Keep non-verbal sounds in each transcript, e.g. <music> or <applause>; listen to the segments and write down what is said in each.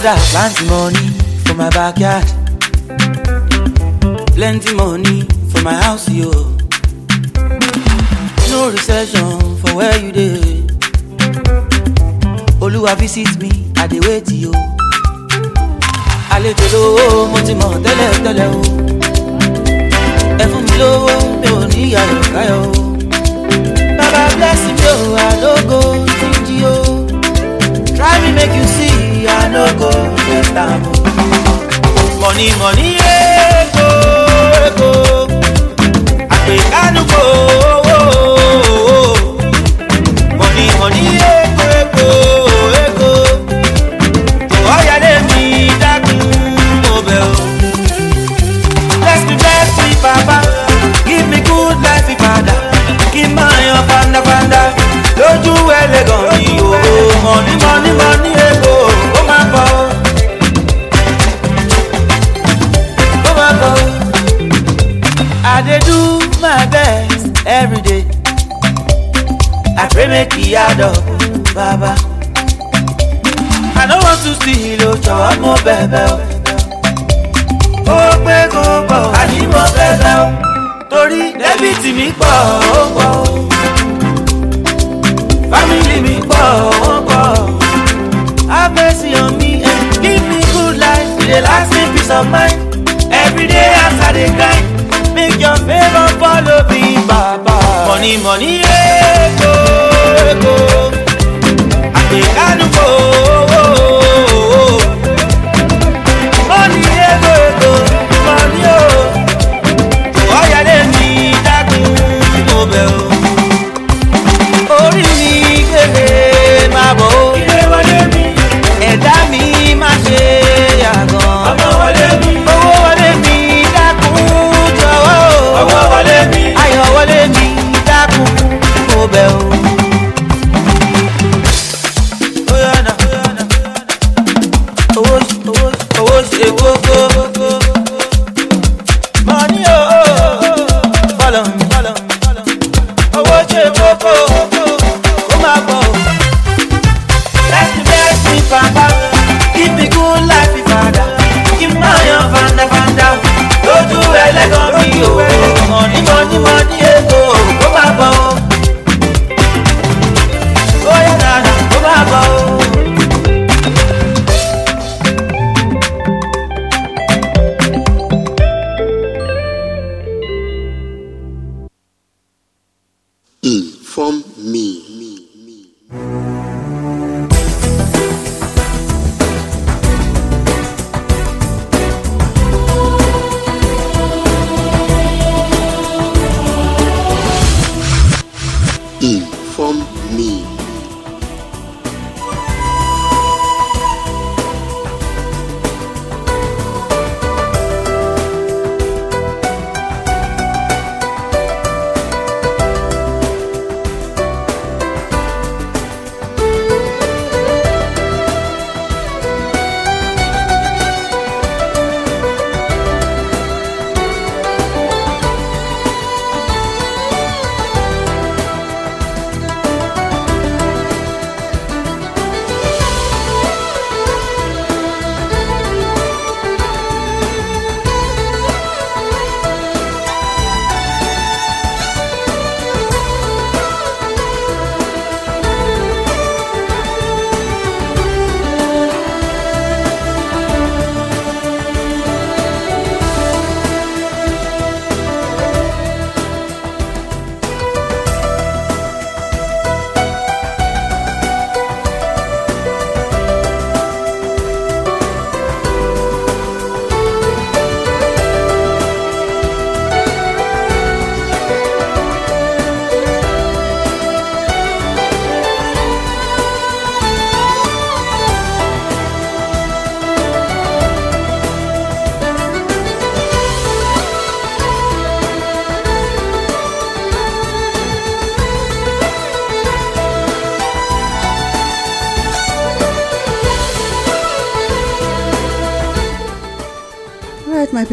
father plenty money for my backyard plenty money for my house yo no recession for where you dey olúwa visit me i dey wait yo àlejò lówó mo ti mọ̀ tẹ́lẹ̀ tẹ́lẹ̀ o ẹ fún mi lówó mi ò ní ìyàwó káyọ̀ o baba bless me o àlógo jíjí o try me make you see. i no go get am money money eko eko àpè kánú kò owó money money eko eko eko jọ̀wọ́ yálé mi dákun mo bẹ̀ o bless me bless me papa give me good life ìpadà Give n máa yan fandafanda lójú ẹlẹ́gàn mi o money money. pray make e add up baba. I don't want to see lo jọ̀wọ́ mo bẹ̀bẹ̀ o. Ó oh, kó oh. àní mo bẹ̀bẹ̀ o. Torí dẹ́bìtì mi pọ̀ ó pọ̀ o. Fámìlì mi pọ̀ ó pọ̀ o. Abẹ́sí on me and give me good life. E last me peace of mind. Every day as I dey grind, make your favor follow me, Baba. Money, money, yeah. A Ha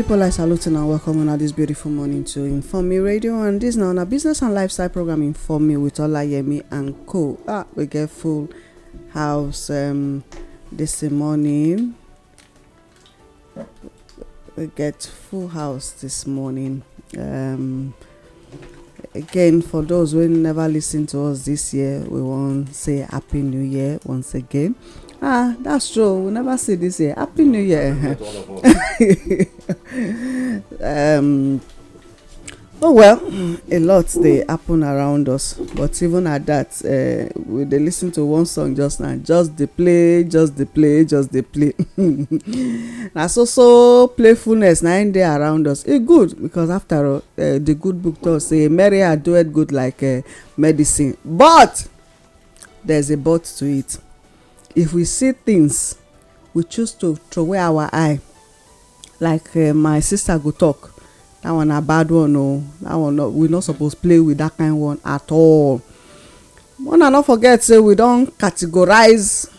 pipo i salute and welcome on this beautiful morning to inform me radio and dis na a business and lifestyle program inform me with olayemi and co ah we get full house um, dis morning we get full house this morning um, again for those who never lis to us this year we wan say happy new year once again Ah, that's true. We never see this year. Happy New Year. um, oh well, a lot they happen around us. But even at that, uh, we they listen to one song just now. Just the play, just the play, just the play. now <laughs> so so playfulness nine day around us. it's good because after all, uh, the good book does say Mary I do it good like uh, medicine. But there's a but to it if we see things we choose to throw away our eye like uh, my sister go talk that one na bad one Oh, that one no we no suppose play with that kind one at all una no forget say we don categorize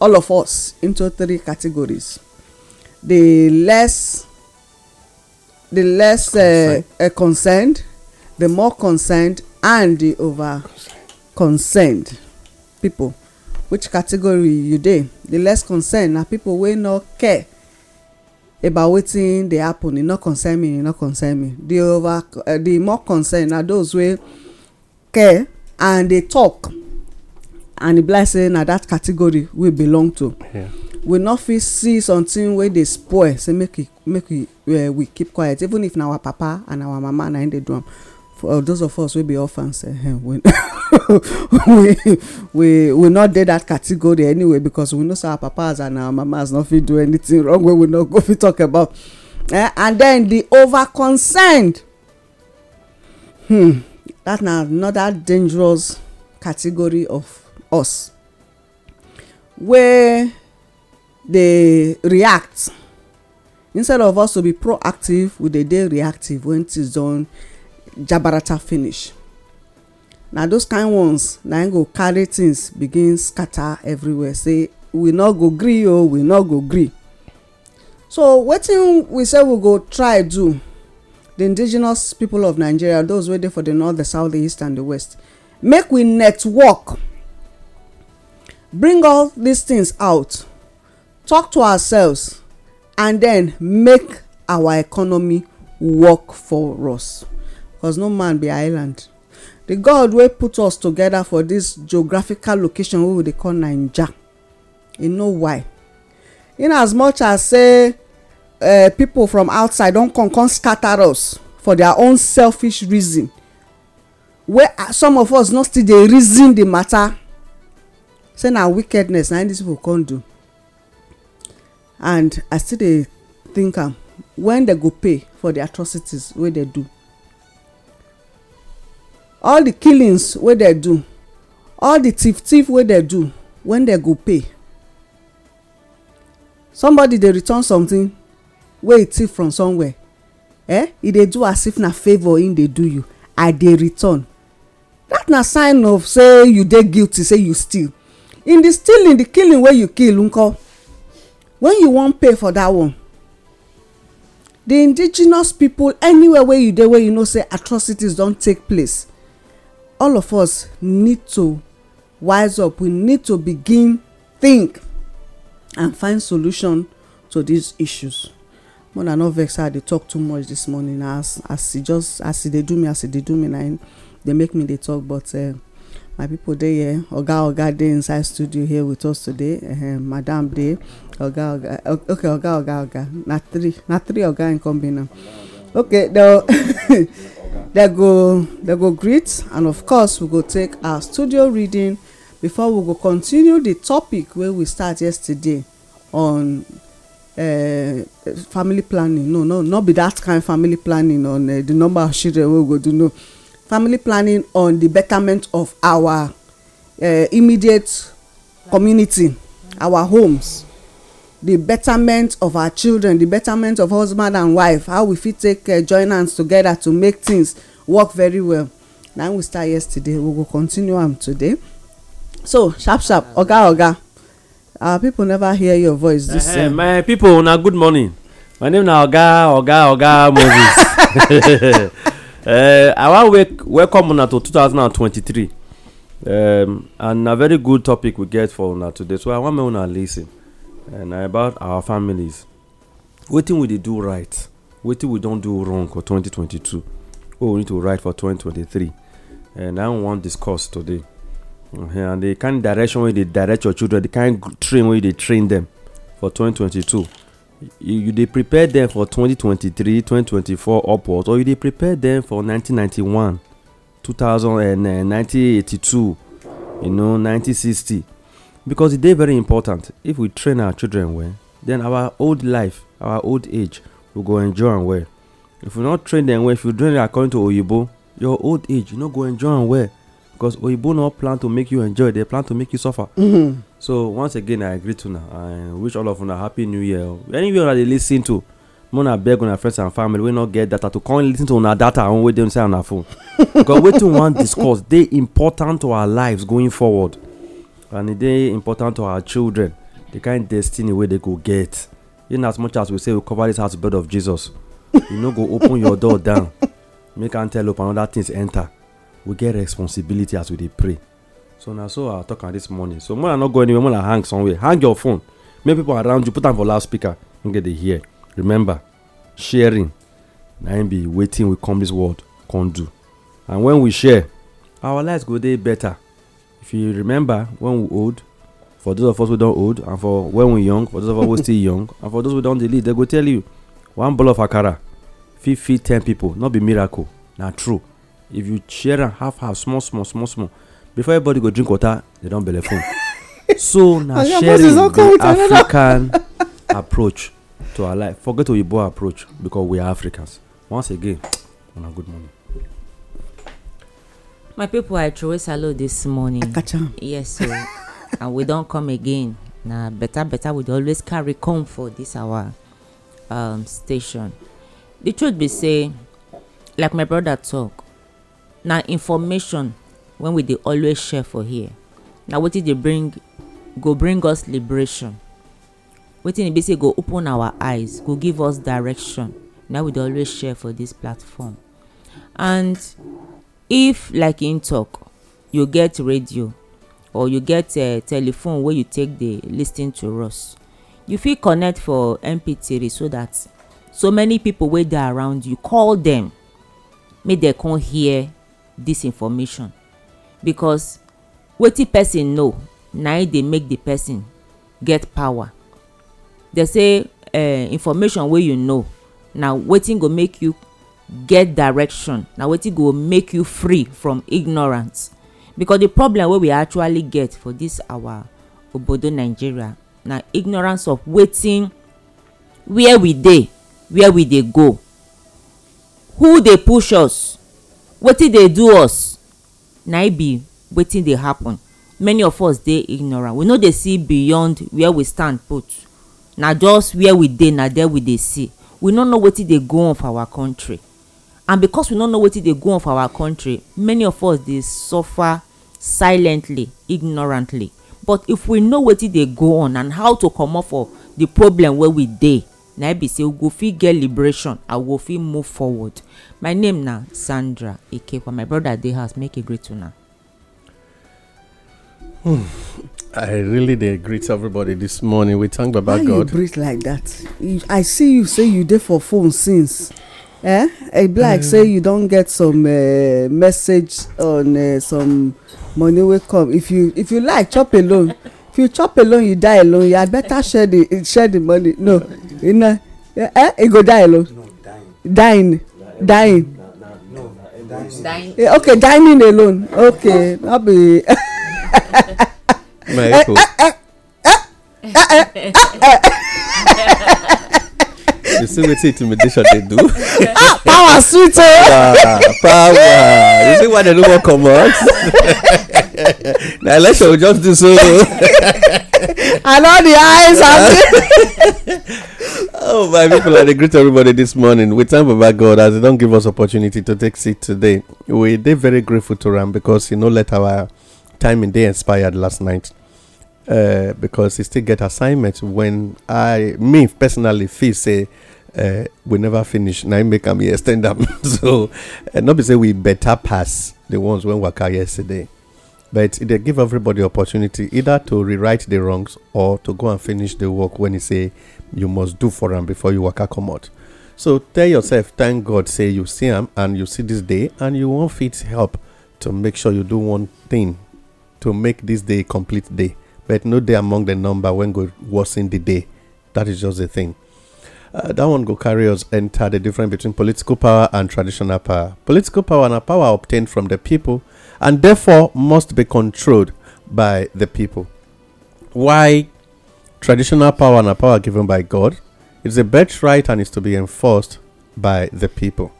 all of us into three categories the less the less uh, uh, concerned the more concerned and the over concerned people which category you dey the less concern na people wey no care about wetin dey happen e no concern me e no concern me the over uh, the more concern na those wey care and dey talk and e be like say na that category we belong to yeah. we no fit see something wey dey spoil say make we make we uh, eh, we keep quiet even if na our papa and our mama na im dey do am for oh, those of us wey be orphans uh, we, <laughs> we we we not dey that category anyway because we know say our papas and our mamas no fit do anything wrong wey we no go fit talk about uh, and then the over concerned hmm that na another dangerous category of us wey dey react instead of us to be proactive we dey dey reactive when things don jabarata finish na those kind ones na im go carry things begin scatter everywhere say we no go gree o oh, we no go gree so wetin we say we go try do the indigenous people of nigeria those wey dey for the north the south the east and the west make we network bring all these things out talk to ourselves and then make our economy work for us cause no man be island the god wey put us together for this geographical location wey we dey call naija e know why in as much as say uh, people from outside don come come scatter us for their own selfish reason wey ah, some of us no still dey reason the matter say na wickedness na these people come do and i still dey think am when they go pay for the atrocities wey they do all the killings wey dem do all the thief thief wey dem do when dem go pay somebody dey return something wey e thief from somewhere eh e dey do as if na favour im dey do you i dey return that na sign of say you dey guilty say you steal in the stealing the killing wey you kill nko when you wan pay for that one the indigenous people anywhere wey you dey wey you know say atrocities don take place all of us need to wise up we need to begin think and find solution to these issues mother no vex her i dey talk too much this morning as as e just as e dey do me as e dey do me na im dey make me dey talk but uh, my people dey here oga oga dey inside studio here with us today uh, madam dey oga oga okay oga oga oga na three na three oga in come now okay Now. <laughs> dem go dem go greet and of course we go take our studio reading before we go continue the topic wey we start yesterday on uh, family planning no no not be that kind of family planning on uh, the number of children wey we go do no family planning on the betterment of our uh, immediate community our homes the betterment of our children the betterment of husband and wife how we fit take uh, join hands together to make things work very well na we start yesterday we go continue am today so sharp sharp ah. oga oga our people never hear your voice this uh, time. my people una good morning my name na oga oga oga moses uh, i wan wake welcome una to 2023 um, and na very good topic we get for una today so i wan make una lis ten. And about our families wetin we dey do right wetin we don do wrong for 2022 wey we need to write for 2023 and i wan discuss today and the kind direction wey you dey direct your children the kind train wey you dey train them for 2022 you dey prepare them for 2023 2024 upwards or you dey prepare them for 1991 2000 1982 you know 1960 because e dey very important if we train our children well then our old life our old age we go enjoy am well if we not train them well if you train them according to oyibo your old age you no go enjoy am well because oyibo no plan to make you enjoy they plan to make you suffer mm-hmm. so once again i agree to una I wish all of una happy new year anywhere una dey lis ten to make una beg una friends and family wey no get data to come lis ten to una data and wey dey inside una phone <laughs> because wetin we wan discuss dey important to our lives going forward and e dey important to our children the kind destiny wey they go get in as much as we say we cover this house with blood of jesus you no go open your door down make antelope and other things enter we get responsibility as we dey pray so na so i talk am this morning so more than not go anywhere more than hang somewhere hang your phone make people around you put am for loudspeaker make dem dey hear remember sharing na im be wetin we come this world come do and when we share our lives go dey better if you remember when we old for those of us who don old and for when we young for those of us who still young <laughs> and for those who don dey live they go tell you one ball of akara fit feed ten people no be miracle na true if you share am half half small small small small before everybody go drink water they don belle full <laughs> so na sharing the african <laughs> approach to our life forget oyibo approach because we are africans once again <tsk> una good morning. My people, I throw salute this morning. Akacham. Yes, so <laughs> and we don't come again. Now, nah, better, better, we always carry come for this our um, station. The truth be say, like my brother talk, now information when we dey always share for here. Now wetin dey bring go bring us liberation. Wetin e be say go open our eyes, go give us direction. Now we dey always share for this platform. And if like him talk you get radio or you get uh, telephone wey you take dey lis ten to us you fit connect for mp3 so that so many people wey dey around you call them, make they come hear this information because wetin person know na e dey make the person get power They say uh, information wey you know na wetin go make you get direction na wetin go make you free from ignorance because the problem wey we actually get for this our obodo nigeria na ignorance of wetin where we dey where we dey go who dey push us wetin dey do us na e be wetin dey happen many of us dey ignorant we no dey see beyond where we stand put na just where we dey na there we dey see we no know wetin dey go on for our country and because we no know wetin dey go on for our country many of us dey suffer silently ignorantly but if we know wetin dey go on and how to comot for the problem wey we dey na be say we go fit get liberation and we go fit move forward my name na sandra ikekwa my brother dey house make he greet una. Hmm. I really dey greet everybody this morning. We thank Baba God. Why you breathe like that? I see you say you dey for phone since eh it be like say you don get some eh, message on eh, some money wey come if you if you like chop alone if you chop alone you die alone you had better share the share the money no you know eh, eh you go die alone dying dying dying. okay dining alone okay not be my echo you see wetin intimidation dey do. <laughs> ah power sweet o. Eh? ah power you see why dem no wan comot. na election we just do oh. so. <laughs> and all the eyes are. <laughs> oh my people i dey greet everybody this morning we thank baba god as he don give us opportunity to take seat today we dey very grateful to am because he no let our timing dey expired last night. Uh, because he still get assignment when i me personally feel say Uh, we never finish. Now make them here stand up. so uh, not say we better pass the ones when waka yesterday, but they give everybody opportunity either to rewrite the wrongs or to go and finish the work when you say you must do for them before you waka come out. So tell yourself, thank God, say you see them and you see this day, and you want fit help to make sure you do one thing to make this day a complete day. But no day among the number when God was in the day. That is just the thing. Uh, that one go carry us enter the difference between political power and traditional power. Political power and power are obtained from the people and therefore must be controlled by the people. Why traditional power and power given by God is a birthright and is to be enforced by the people.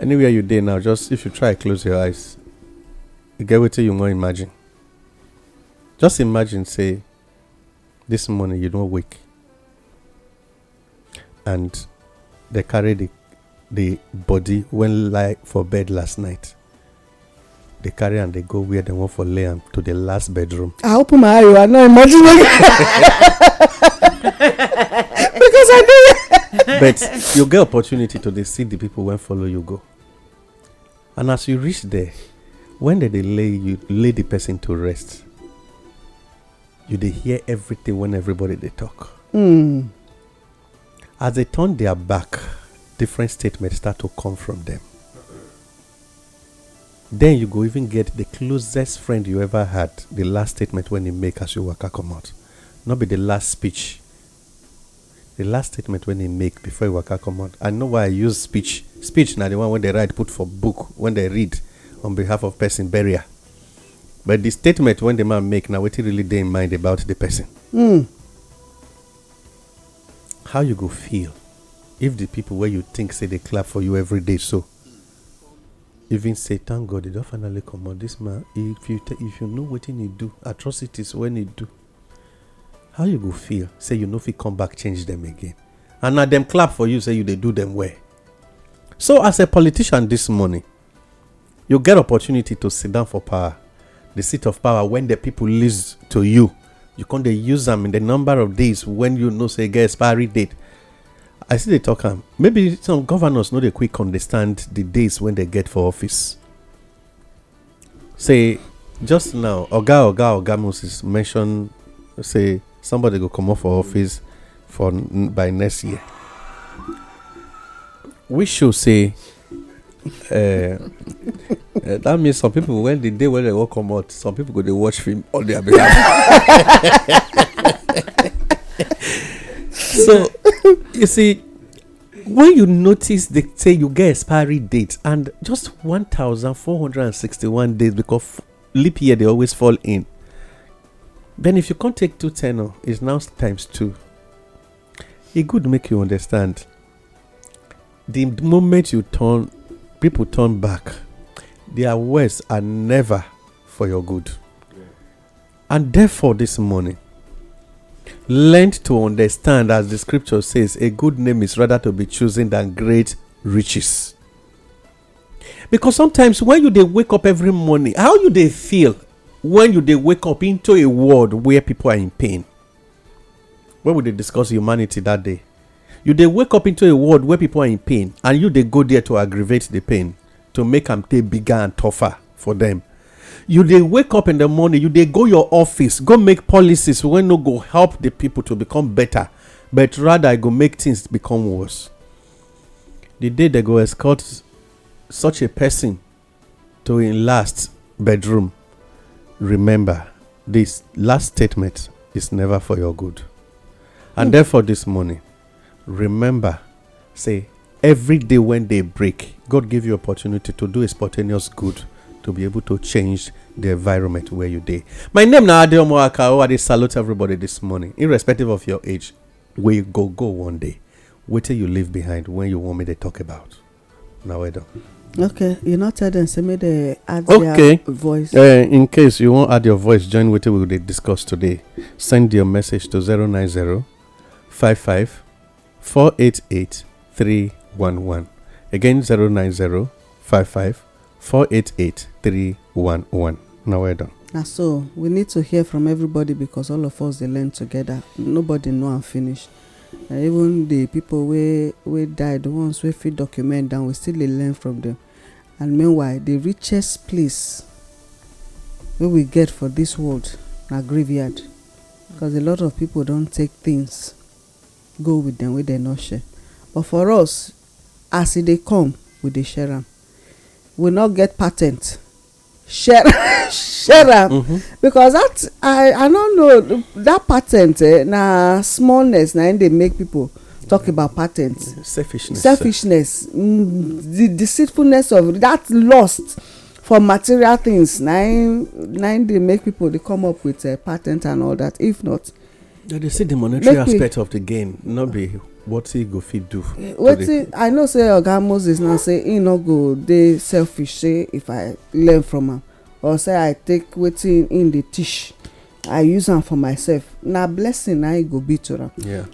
Anywhere you did now, just if you try close your eyes, you get what you want imagine. Just imagine, say, this morning you don't wake. and they carry the, the body when lie for bed last night. They carry and they go where they want for lay and to the last bedroom. I open my eye, you are not imagining <laughs> because I do. but you get opportunity to they see the people when follow you go, and as you reach there, when they, they lay you lay the person to rest, you they hear everything when everybody they talk. Mm. As they turn their back, different statements start to come from them. Then you go even get the closest friend you ever had, the last statement when you make as you work come out. Not be the last speech. The last statement when they make before you work come out. I know why I use speech. Speech now the one when they write put for book, when they read on behalf of person barrier. But the statement when the man make now what he really they in mind about the person. Mm how you go feel if the people where you think say they clap for you every day so even say thank god they don't finally come on this man if you if you know what he do atrocities when he do how you go feel say you know if he come back change them again and now them clap for you say you they do them well so as a politician this morning you get opportunity to sit down for power the seat of power when the people listen to you you con dey use them in the number of days when you know say get expiry date i see they talk am maybe some governors know they quick understand the days when they get for office say just now oga oga oga moses mention say somebody go off for office for by next year we should say uh, that means some people when the day when they walk come out some people go dey watch film all their <laughs> behalf so you see when you notice they say you get expiry date and just 1461 days because leap year they always fall in then if you can't take two tenor oh, it's now times two it could make you understand the moment you turn people turn back. Their words are never for your good. Yeah. And therefore, this morning, learn to understand, as the scripture says, a good name is rather to be chosen than great riches. Because sometimes when you they wake up every morning, how you they feel when you they wake up into a world where people are in pain? When would they discuss humanity that day? you they wake up into a world where people are in pain and you they go there to aggravate the pain to make them take bigger and tougher for them you they wake up in the morning you they go your office go make policies when no go help the people to become better but rather go make things become worse the day they go escort such a person to in last bedroom remember this last statement is never for your good and mm. therefore this morning remember, say, every day when they break, God gave you opportunity to do a spontaneous good to be able to change the environment where you day. My name now Adeomo Akao. Oh, I salute everybody this morning, irrespective of your age. you go go one day. Wait till you leave behind when you want me to talk about. Now I don't. Okay, you not tell them say me the add okay. their voice. Uh, in case you want add your voice, join with it we will discuss today. Send your message to 090 55 488 311. Again, 090 Now we're done. Now, so we need to hear from everybody because all of us they learn together. Nobody know and finish. Uh, even the people we we died, the ones we fill document down, we still learn from them. And meanwhile, the richest place we will get for this world, a graveyard, because a lot of people don't take things go with dem wey dem no share but for us as e dey come we dey share am we no get patent share <laughs> share am mm-hmm. because that i i no know that patent eh na smallness na im dey make people talk about patent selfishness eh. selfishness mm, the deceitfulness of that lust for material things na im na im dey make people dey come up with eh, patent and all that if not na dey see the monetary aspect of the game not be what he go fit do eh, wetin i know say oga moses now say he no go dey selfish say if i learn from am or say i take wetin him dey teach i use am for myself na blessing na e go be to am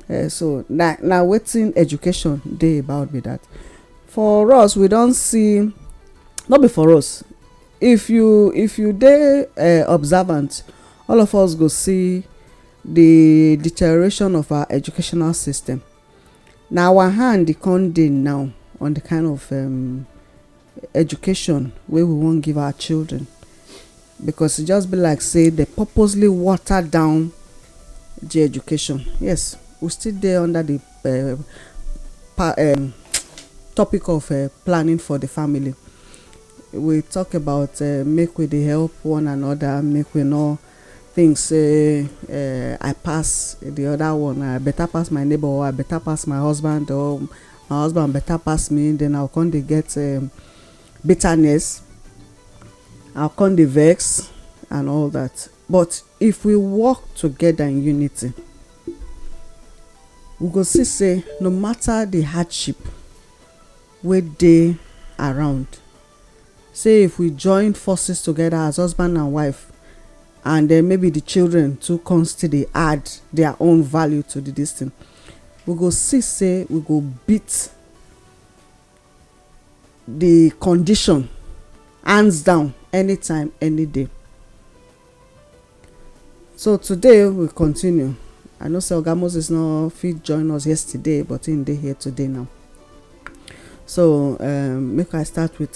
eh, so na na wetin education dey about be that for us we don see not be for us if you if you dey eh, observant all of us go see the deterioration of our educational system na our hand come dey now on the kind of um, education wey we wan give our children because e just be like say they purposely water down the education yes we still dey under the uh, pa um, topic of uh, planning for the family we talk about uh, make we dey help one another make we no think say uh, i pass the other one i better pass my neighbor or i better pass my husband or my husband better pass me then i come dey get um, bitterness i come dey vex and all that but if we work together in unity we go see say no matter the hardship wey dey around say if we join forces together as husband and wife and then maybe the children too come still dey add their own value to the this thing we go see say we go beat the condition hands down anytime any day so today we continue i know say oga moses no fit join us yesterday but him dey here today now so um, make i start with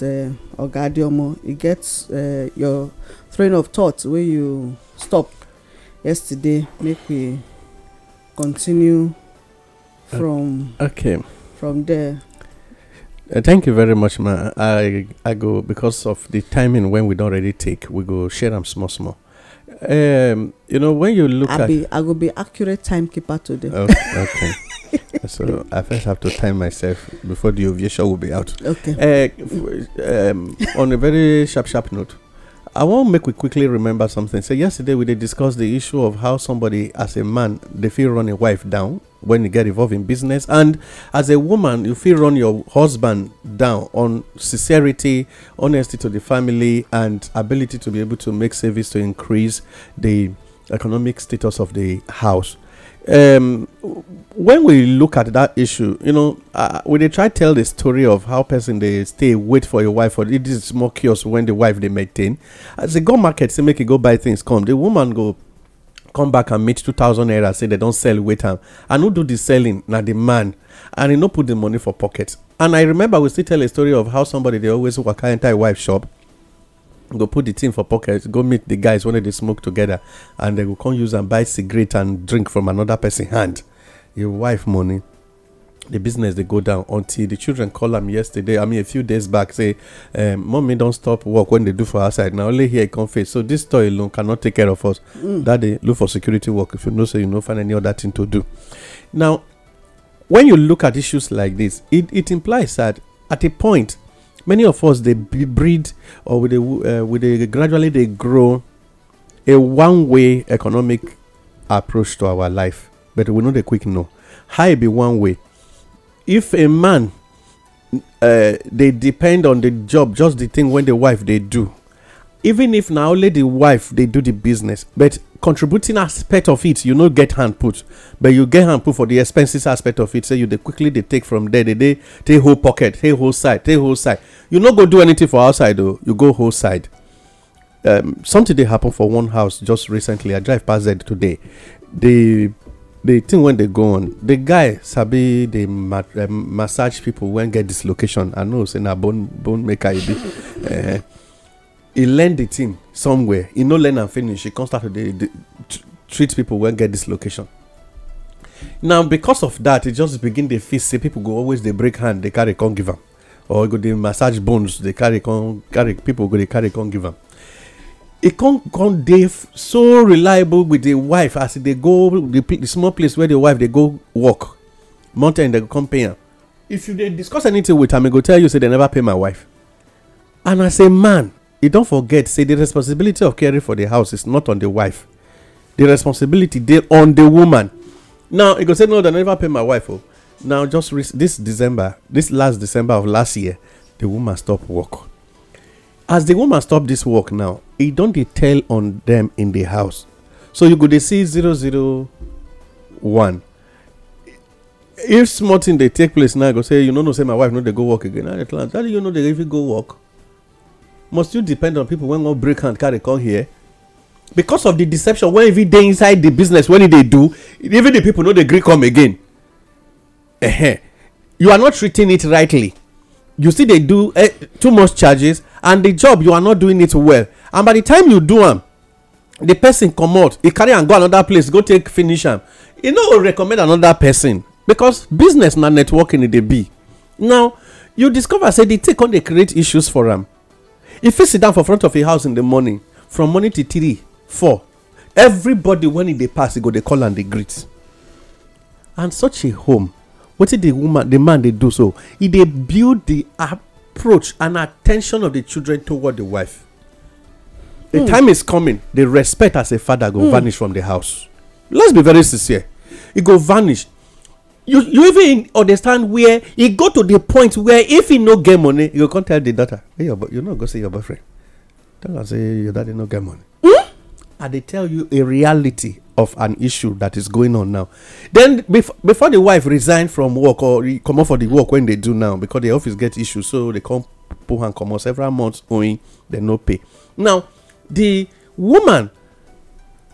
oga uh, adeomo e get uh, your train of thought wey you stop yesterday make we continue uh, from uh, okay from there. Uh, thank you very much, ma. I I go because of the timing when we don't already take. We go share them small small. Um, you know when you look I'll at. Be, I go be accurate timekeeper today. Oh, okay. okay. <laughs> <laughs> so I first have to time myself before the ovation will be out. Okay. Uh, um, on a very sharp, sharp note, I want to make we quickly remember something. So yesterday we did discuss the issue of how somebody, as a man, they feel run a wife down when you get involved in business, and as a woman, you feel run your husband down on sincerity, honesty to the family, and ability to be able to make savings to increase the economic status of the house um, when we look at that issue, you know, uh, when they try tell the story of how person they stay wait for your wife, or it is more curious when the wife they maintain. As they go market, say make it go buy things, come the woman go come back and meet two thousand naira, say they don't sell wait am, and who do the selling? Now the man, and he no put the money for pocket. And I remember we still tell a story of how somebody they always work enter a wife shop. go put the thing for pocket go meet the guys when they smoke together and they go come use and buy cigarette and drink from another person hand your wife money the business they go down until the children call them yesterday i mean a few days back say um, mommy don't stop work when they do for outside Now only here e come face so this toy alone cannot take care of us that mm. dey look for security work if you know say you no find any other thing to do now when you look at issues like this it it implies that at a point many of us they breed or with a uh, with a gradually they grow a one way economic approach to our life, but we know the quick no. High be one way. If a man uh, they depend on the job, just the thing when the wife they do. Even if now only the wife they do the business, but contributing aspect of it you no get hand put but you get hand put for the expenses aspect of it say you dey quickly dey take from there dey dey take whole pocket take whole side take whole side you no go do anything for outside o you go whole side um, something dey happen for one house just recently i drive pass there today the the thing wey dey go on the guy sabi dey ma uh, massage people wey get dislocation i know say na bone bone maker e be uh, <laughs> he learn the thing somewhere he no learn am finish He come start to dey treat people wey get dislocation now because of that e just begin dey feel say people go always dey break hand dey carry come give am or go dey massage bones dey carry come carry people go dey carry come give am e come come dey so reliable with the wife as e dey go the small place where the wife dey go work mountain dem come pay am if you dey discuss anything with am he go tell you say dem never pay my wife and as a man e don forget say the responsibility of caring for the house is not on the wife The responsibility dey on the woman now e go say no dem never pay my wife o oh. now just this december this last december of last year the woman stop work as the woman stop this work now e don dey tell on dem in the house so you go dey see one. if small thing dey take place now go say you no know say my wife no dey go work again i dey tell am daddy you no dey even go work must you depend on people when one break hand carry come here because of the deception wey even dey inside the business wey e dey do even the people no dey gree come again uh-huh. you are not treating it rightly you still dey do uh, too much charges and the job you are not doing it well and by the time you do am the person comot e carry am go another place go take finish am e no go recommend another person because business na networking e dey be now you discover say the thing come dey create issues for am If fit sit down for front of e house in the morning from morning till three four everybody when e dey pass e go dey call and dey greet and such a home wetin the woman the man dey do so e dey build the approach and attention of the children toward the wife the mm. time is coming the respect as a father go mm. vanish from the house let's be very sincere e go vanish you you even understand where e go to the point where if e no get money you go come tell the daughter hey your you no go see your boyfriend tell am say your daddy no get money hmm? i dey tell you a reality of an issue that is going on now then before before the wife resign from work or comot for the work wey dey do now because the office get issue so they come pull am comot several months owing dem no pay now the woman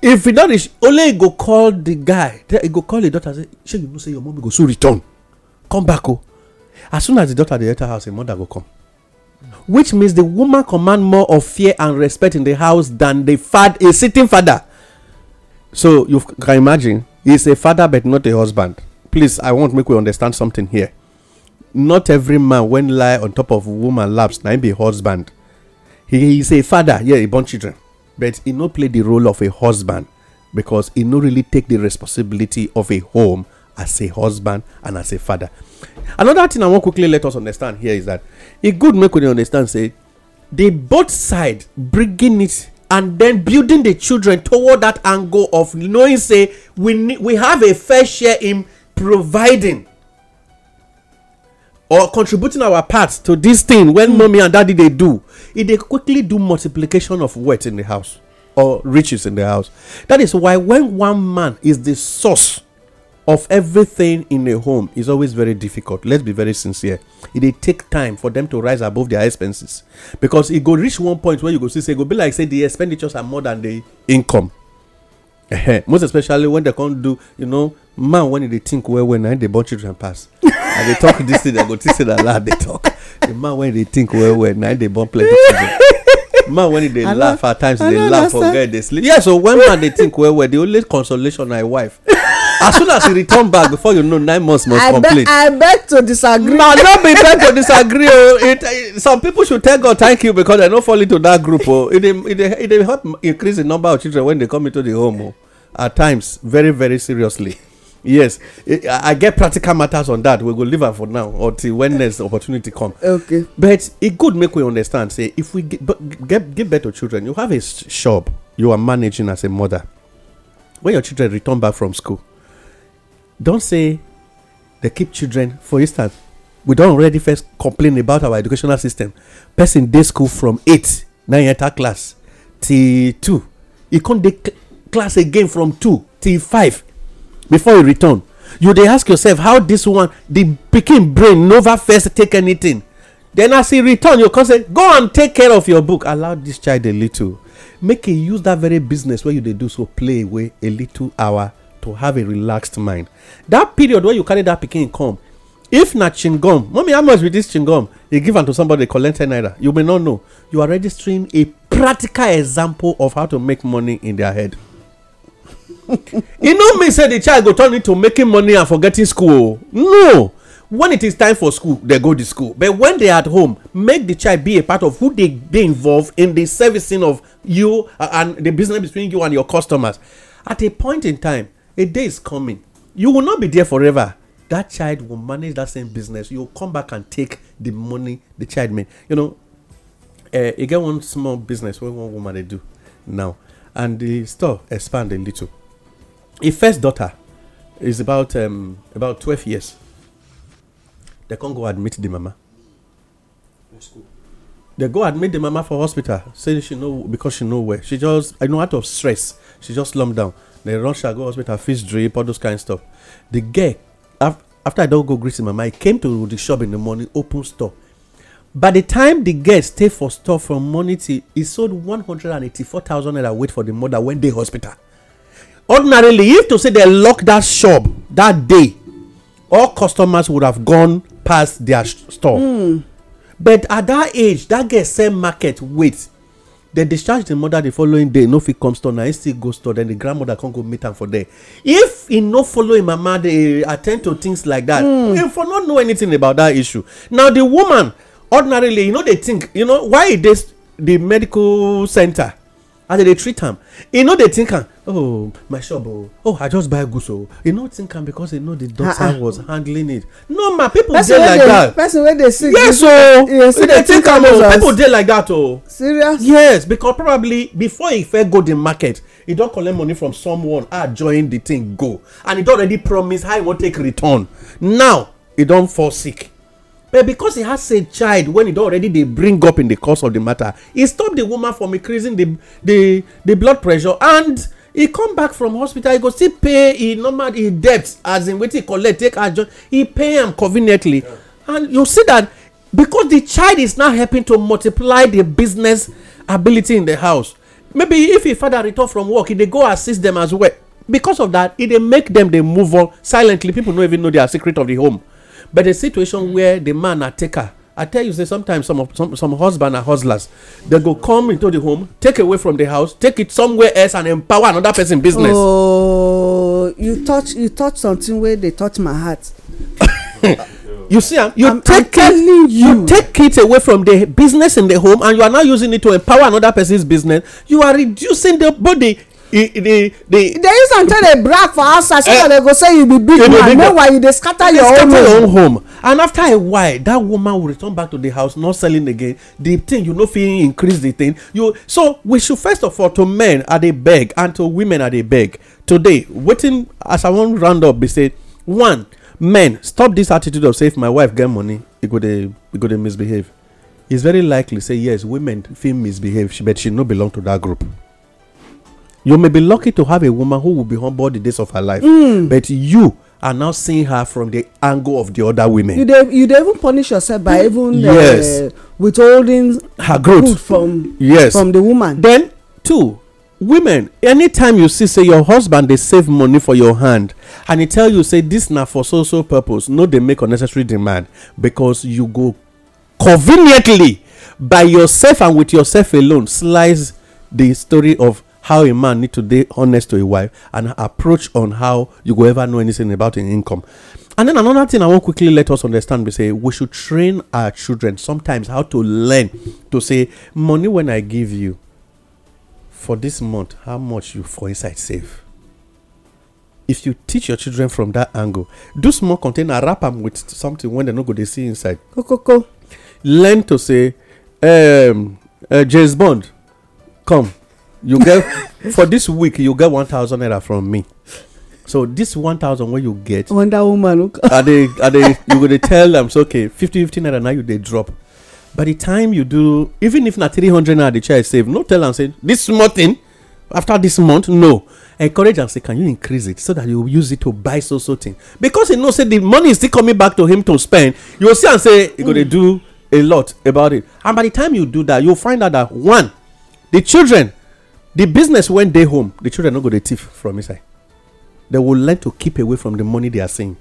if e don only e go call the guy e go call the daughter say shey you know say your mummy go soon return come back o oh. as soon as the daughter dey enter house the mother go come which means the woman command more of fear and respect in the house than the fad a sitting father so you can imagine he's a father but not a husband please i want make we understand something here not every man when lie on top of woman laps na him be husband he is a father yeah he born children but he no play the role of a husband because he no really take the responsibility of a home as a husband and as a father another thing i wan quickly let us understand here is that e good make we dey understand say the both side bringing it and then building the children toward that angle of knowing say we we have a fair share in providing or contributing our part to this thing when mm. mommy and daddy they do it they quickly do multiplication of wealth in the house or riches in the house that is why when one man is the source of everything in a home is always very difficult let's be very sincere it dey take time for them to rise above their expenses because it e go reach one point where you go see say e go be like say the expenditures are more than the income most especially when they come do you know man wen e dey think well well na him dey born children pass i dey talk dis thing i go think say na lie i dey talk the man wen e dey think well well na him dey born plenty children man wen e dey laugh at times e dey laugh for girl dey sleep yes so when man dey think well well the only consolation na him wife as soon as he return back before you know nine months must complete i beg to disagree no no be beg to disagree oh eh, some people should tell god thank you because I no fall into that group oh e dey help increase the number of children wey dey come into the home oh at times very very seriously yes i get practical matters on that we go leave am for now until when next opportunity come okay but e good make we understand say if we get give birth to children you have a shop you are managing as a mother when your children return back from school don say dey keep children for instance we don already first complain about our educational system person dey school from eight na e enter class till two e come dey class again from two till five before e return you dey ask yourself how this one the pikin brain nova first take anything then as he return your come say go and take care of your book allow this child a little make he use that very business wey you dey do so play away a little hour to have a relaxed mind That period wey you carry that pikin come if na chewing gum, mommy how much be chewing gum, you give am to somebody collect 10 naira you may not know you are registering a practical example of how to make money in their head e no mean say the child go turn into making money and forgetting school no when it is time for school they go to school but when they at home make the child be a part of who they they involve in the servicing of you and the business between you and your customers at a point in time a day is coming you will not be there forever that child will manage that same business you will come back and take the money the child made you know uh, you get one small business wey one woman dey do now and the store expand a little a first daughter is about um, about twelve years. The Congo admit the mama. They go admit the mama for hospital. saying she know because she know where. She just I know out of stress. She just slumped down. They rush her go hospital, fist drip, all those kind of stuff. The girl after I don't go greet mama, I came to the shop in the morning, open store. By the time the girl stay for store from morning till he sold one hundred eighty four 184,000 naira wait for the mother when they hospital ordinarily if to say they lock that shop that day all customers would have gone pass dia store hmm. but at that age that girl sell market wait they discharge the mother the following day no fit come store na He still go store then the grandmother come go meet am for there if e no follow im mama dey attend to things like that im hmm. for no know anything about that issue now the woman ordinarily you know dey think you know why e dey di medical center as they dey treat am e no dey think am oh my shop oh oh i just buy goose oh you no think am because you know the doctor uh-uh. was handling it no ma people dey like that person wey dey sick yes oh e dey think am oh people dey like that oh serious yes because probably before he first go the market he don collect money from someone ah join the thing go and he don already promise how e wan take return now he don fall sick but because he has a child when he don already dey bring up in the course of the matter he stop the woman from increasing the the the blood pressure and He come back from hospital He go still pay e normal e debt as in wetin e collect take adjust He pay am conveniently and you see that because the child is now helping to multiply the business ability in the house maybe if e father return from work he dey go assist them as well because of that e dey make them dey move on silently people no even know their secret of the home but the situation mm. where the man na taker I tell you, say sometimes some of, some some husband and hustlers, they go come into the home, take away from the house, take it somewhere else, and empower another person business. Oh, you touch you touch something where they touch my heart. <laughs> you see, I'm, ah, you I'm, take I'm it, you. you take it away from the business in the home, and you are now using it to empower another person's business. You are reducing the body e dey dey. dey use am take dey brag for outside so that dem go say you be big man meanwhile you dey scatter your own home. scatter your own home and after a while that woman will return back to the house not selling again the thing you no fit increase the thing you so we should first of all to men i dey beg and to women i dey beg today wetin as i wan round up be say one men stop this attitude of say if my wife get money e go dey e go dey misbehave it's very likely say yes women fit misbehave but she no belong to that group. You may be lucky to have a woman who will be humble the days of her life, mm. but you are now seeing her from the angle of the other women. You dey you dey even punish yourself by hmm. even uh, yes. uh, withholding her growth from yes. from the woman. Then two women anytime you see say your husband dey save money for your hand and he tell you say this na for so so purpose no dey make unnecessary demand because you go conveniently by yourself and with yourself alone slice the story of how a man need to be honest to a wife and approach on how you go ever know anything about an income. And then another thing I want quickly let us understand we say we should train our children sometimes how to learn to say money when I give you for this month, how much you for inside save. If you teach your children from that angle, do small container, wrap them with something when they no go they see inside. Go go go. Learn to say, um, uh, James Bond, come you get <laughs> for this week you get one thousand naira from me so this one thousand wey you get wonder woman are they? Are they? <laughs> you go dey tell them? say okay fifty, fifty naira now you dey drop by the time you do even if na three hundred naira the child save no tell am say this small thing after this month no encourage am say can you increase it so that you use it to buy so so thing because he know say the money is still coming back to him to spend you see am say you go dey do a lot about it and by the time you do that you find out that one the children the business when they home the children no go dey thief from inside they will learn to keep away from the money they are seeing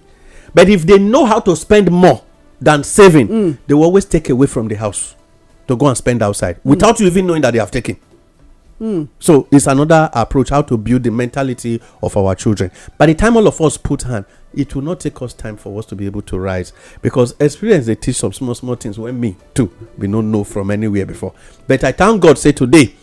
but if they know how to spend more than saving mm. they will always take away from the house to go and spend outside mm. without you even knowing that they have taken mm. so it's another approach how to build the mentality of our children by the time all of us put hand it will not take us time for us to be able to rise because experience they teach some small small things when me too we don't know from anywhere before but i thank god say today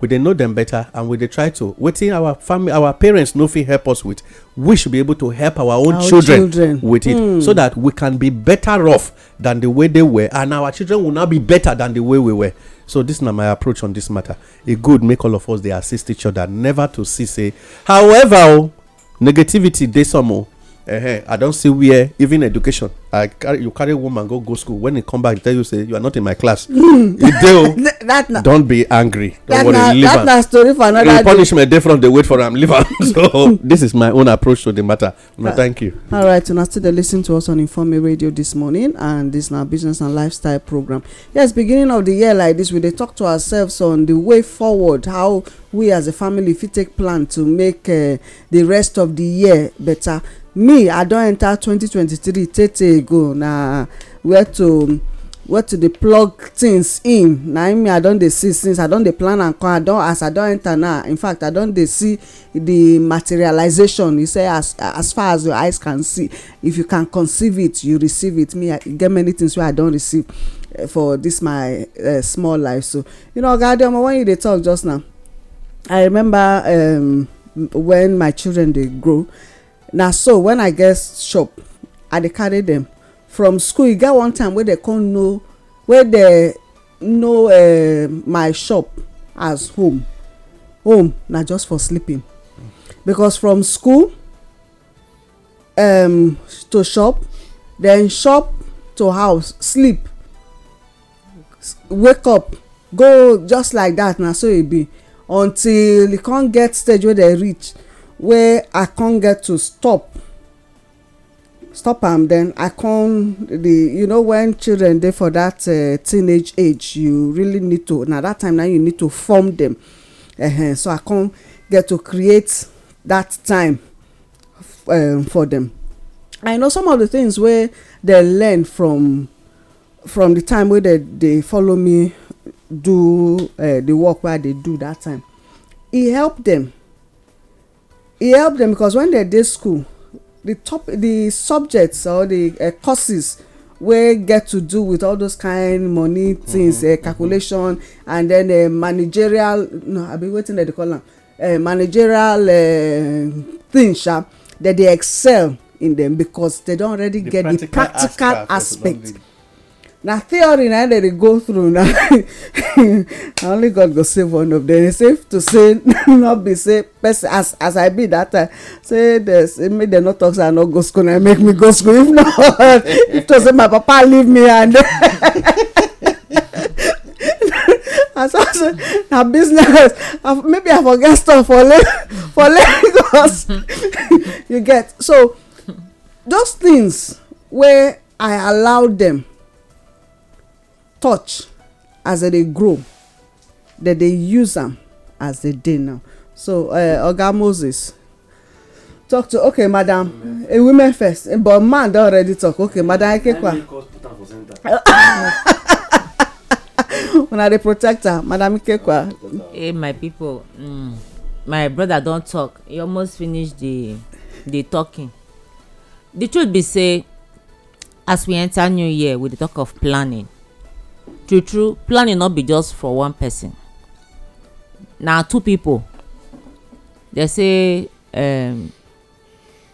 we dey know dem better and we dey try to wetin our family our parents no fit help us with we should be able to help our own our children, children with it mm. so that we can be better off than the way they were and our children will now be better than the way we were so this na my approach on this matter e good make all of us dey assist each other never to see say however o negativity dey some o uh -huh, i don see where even education I carry you carry woman go go school. When he come back, he tell you say you are not in my class. <laughs> Oh. that na, don't be angry. Don't that worry, na, that na story for another day. Punishment day from wait for him. Leave him. <laughs> so this is my own approach to the matter. uh, thank you. All right, so now still they listen to us on Informe Radio this morning, and this now business and lifestyle program. Yes, beginning of the year like this, we they talk to ourselves on the way forward, how we as a family fit take plan to make uh, the rest of the year better. Me, I don't enter 2023 tete dey go na where to where to dey plug things in na im i don dey see since i don dey plan am come i don as i don enter now in fact i don dey see the materialization You say as as far as your eyes can see if you can conceive it you receive it me i e get many things wey i don receive uh, for this my uh, small life so you know oga adeomo when you dey talk just now i remember um, when my children dey grow na so when i get shop i dey carry dem from school e get one time wey dem come know wey dem know uh, my shop as home home na just for sleeping because from school um, to shop then shop to house sleep wake up go just like that na so e be until e come get stage wey dem reach wey i come get to stop stop am Then i come. the you know when children dey for that eh, teenage age you really need to na that time na you need to form dem -huh. so i come get to create that time eh, for them. i know some of the things wey dem learn from from the time wey dem dey follow me do eh, the work wey i dey do that time e help them. e help them because when dem dey school the top the subjects or the uh, courses wey get to do with all those kind money mm-hmm, things mm -hmm. uh, mm-hmm. calculation mm -hmm. and then uh, managerial no abi wetin dem dey call am uh, managerial uh, things sha dem dey excel in them because they don already the get the practical aspect, aspect na theory na dem dey go through na <laughs> only god go save one of them. It's safe to say <laughs> no be say person as as i be that time say say make dem no talk say i no go school na make me go school if not <laughs> if to say my papa leave me and as i say na business maybe i forget stuff for for lagos you get so those things wey i allow them touch as they dey grow they dey use am as they dey now so uh, oga moses talk to okay madam a women first but man don already talk okay madam ekekwa <laughs> una dey protect her madam ikekwa. hey my people mm, my brother don talk he almost finish the the talking the truth be say as we enter new year we dey talk of planning true true planning no be just for one person na two people dey say um,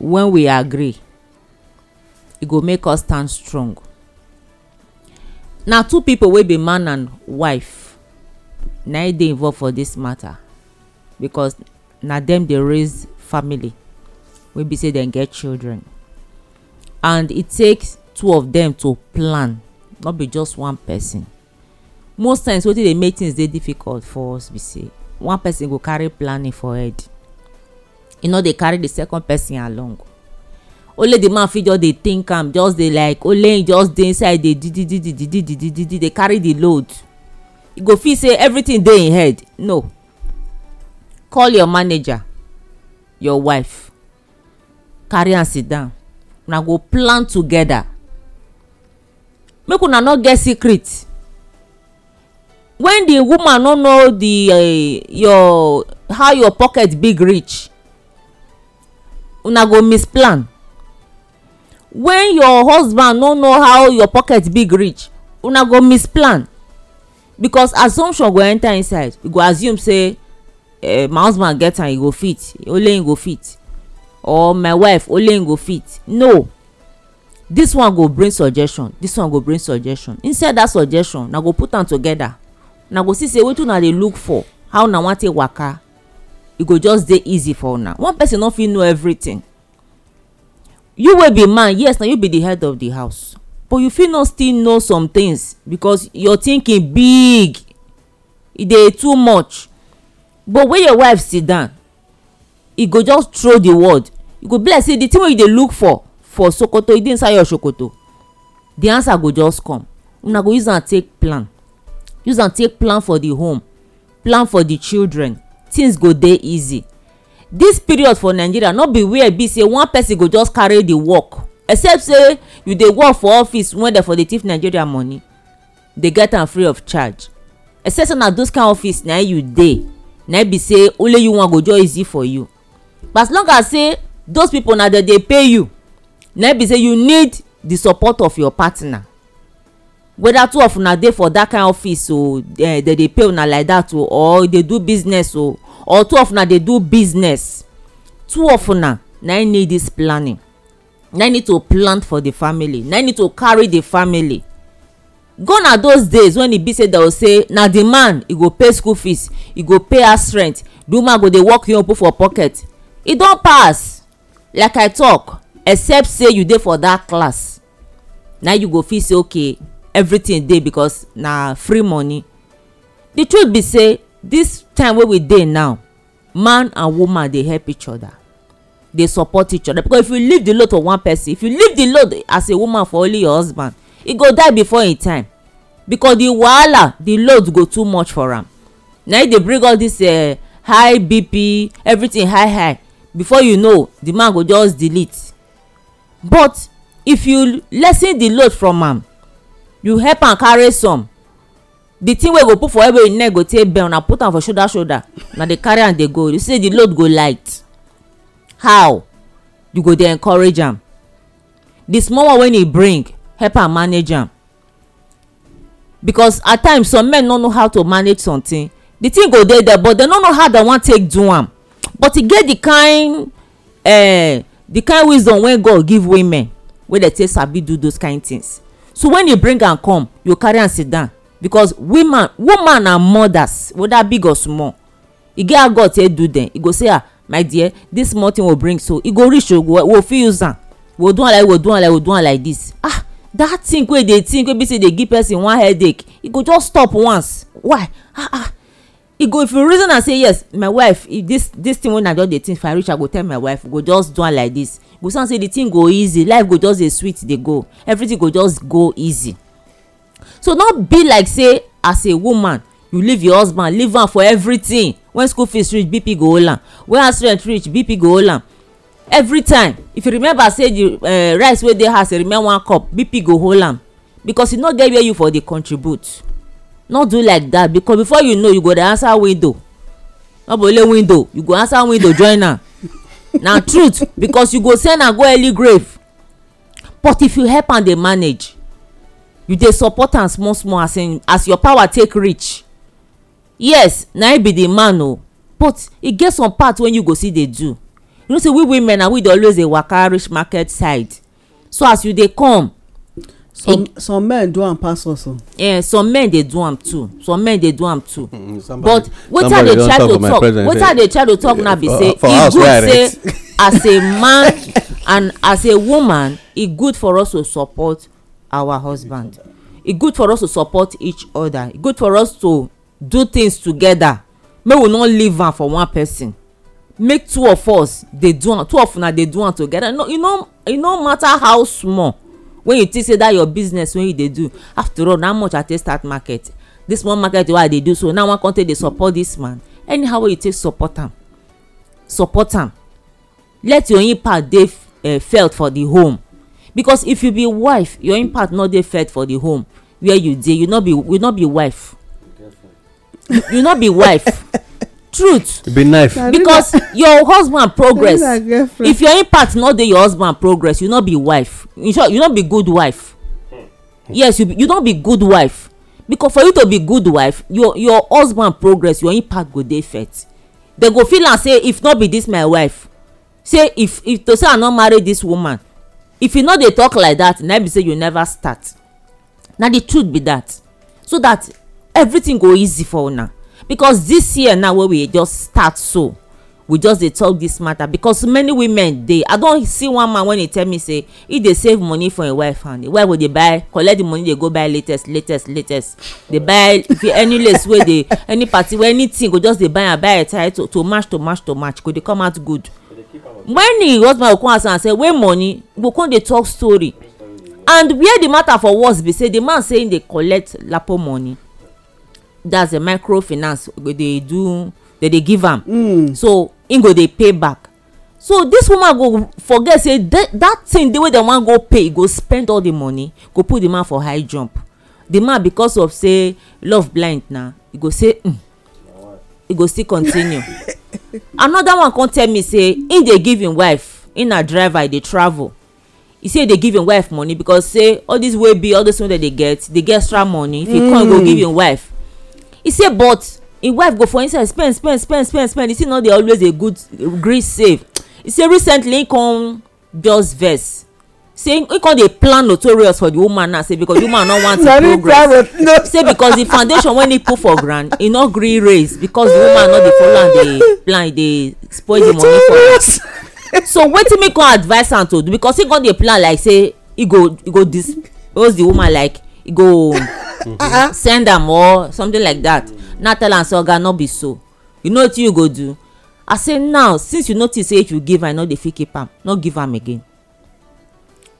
when we agree e go make us stand strong na two people wey be man and wife na e dey involved for this matter because na dem dey raise family wey be say dem get children and e take two of dem to plan no be just one person most times wetin dey make things dey difficult for us be say one person go carry planning for head e no dey carry the second person along only the man fit just dey think am just dey like only him just dey inside dey didi didi didi didi didi dey carry the load e go feel say everything dey in head no call your manager your wife carry am sit down una go plan together make una no get secret when the woman no know the uh, your how your pocket big reach una go misplan when your husband no know how your pocket big reach una go misplan because assumption go enter inside you go assume say uh, my husband get am he go fit only him go fit or my wife only him go fit no this one go bring suggestion this one go bring suggestion inside that suggestion na go put am together una go see say wetin una dey look for how una wan take waka e go just dey easy for una one person no fit know everything you wey be man yes na you be the head of the house but you fit no still know some things because your thinking big e dey too much but when your wife sit down e go just throw the word you e go be like say the thing wey you dey look for for sokoto e dey inside your sokoto the answer go just come una go use am take plan use am take plan for the home plan for the children things go dey easy this period for nigeria no be where be say one person go just carry the work except say you dey work for office when dem for dey thief nigeria money dey get am free of charge except say na those kind of office na you dey na be say only you wan go just easy for you but as long as say those people na dem dey pay you na be say you need the support of your partner whether two of una dey for that kind of office o dem eh, dey pay una like that o or dey do business o or two of una dey do business two of una na im need this planning na im need to plan for the family na im need to carry the family go na those days when e be say dem say na the man e go pay school fees e go pay house rent di woman go dey work yam put for pocket e don pass like i talk except say you dey for that class na you go feel say okay everything dey because na free money the truth be say this time wey we dey now man and woman dey help each other dey support each other because if you leave the load for one person if you leave the load as a woman for only your husband e go die before im time because the wahala the load go too much for am na e dey bring all this uh, high bp everything high high before you know the man go just delete but if you lessen the load from am you help am carry some the thing wey go put for head wey him neck go take bend una put am for shoulder shoulder na dey carry am dey go you see the load go light how you go dey encourage am the small one wey he bring help am manage am because at times some men no know how to manage something the thing go dey there but they no know how they wan take do am but e get the kind uh, the kind wisdom wey god give women wey dey take sabi do those kind things so when you bring am come you carry am sit down because women woman na mothers whether big or small e get how god take do dem e go say ah my dear this small thing we bring so e go reach o we fit use am we do am like we do am like we do am like this ah that thing wey dey think wey be say dey give person one headache e go just stop once why ah ah e go if you reason am say yes my wife if this this thing wey i just dey think if i reach i go tell my wife go just do am like this go sound say the thing go easy life go just dey sweet dey go everything go just go easy so no be like say as a woman you leave your husband leave am for everything when school fees reach bp go hold am when house reach bp go hold am every time if you remember say the uh, rice wey dey house remain one cup bp go hold am because e no get where you for dey contribute no do like that because before you know you go dey answer window no be only window you go answer window join am na truth because you go send am go early grave but if you help am dey manage you dey support am small small as in as your power take reach yes na him be the man o but e get some part wey you go still dey do you know say we women na we dey always dey waka reach market side so as you dey come some some men do am pass us o. Yeah, some men dey do am too some men dey do am too. Mm, somebody, but wetin i dey try to talk wetin i dey try to talk now be uh, say e good say <laughs> as a man <laughs> and as a woman e good for us to support our husband e good for us to support each other e good for us to do things together make we no leave am for one person make two of us dey do am two of una dey do am together no you e no you e no matter how small when you think say that your business wey you dey do after all na how much i take start market this small market wey i dey do so now one come take dey support this man anyhow wey you take support am support am let your impact dey uh, felt for the home because if you be wife your impact no dey felt for the home where you dey you no be you no be wife you no be wife <laughs> truth be knife because your husband progress if your impact no dey your husband progress you no be wife in short you no be good wife hmm. yes you you no be good wife because for you to be good wife your your husband progress your impact go dey fet dem go feel am say if no be this my wife say if if to say i no marry this woman if you no dey talk like that na be say you never start na the truth be that so that everything go easy for una because this year now wey we just start so we just dey talk this matter because many women dey i don see one man when he tell me say he dey save money for him wife hand him wife go dey buy collect the money dey go buy latest latest latest dey buy if you any lace wey dey any party wey anything go just dey buy am buy attire to to match to match to match go dey come out good when him husband go come ask am say where money go come dey talk story and where the matter for worse be say the man say him dey collect lapo money that's a microfinance they do they dey give am. Mm. so im go dey pay back so this woman go forget say that, thing the way dem wan go pay go spend all the money go put the man for high jump the man because of say love blind na e go say mm, e go still continue <laughs> another one come tell me say im dey give im wife im na driver e dey travel e say e dey give im wife money because say all this wey be all this money dem dey get dey get extra money if e mm. come e go hmm. give im wife e say but im wife go for inside spend spend spend spend spend You see, no dey always dey good gree save e say recently im come just vex say im come dey plan notorious for the woman now say because the woman no want to progress say because the foundation wey im put for ground e no gree raise because the woman no dey follow am dey plan e dey spoil the money for am so wetin me come advise am to do because he come dey plan like say he go he go dispose the woman like he go. Uh-huh. Mm-hmm. send am or something like that now tell am say oga no be so you know wetin you go do i say now since you notice say if you give i no dey fit keep am no give am again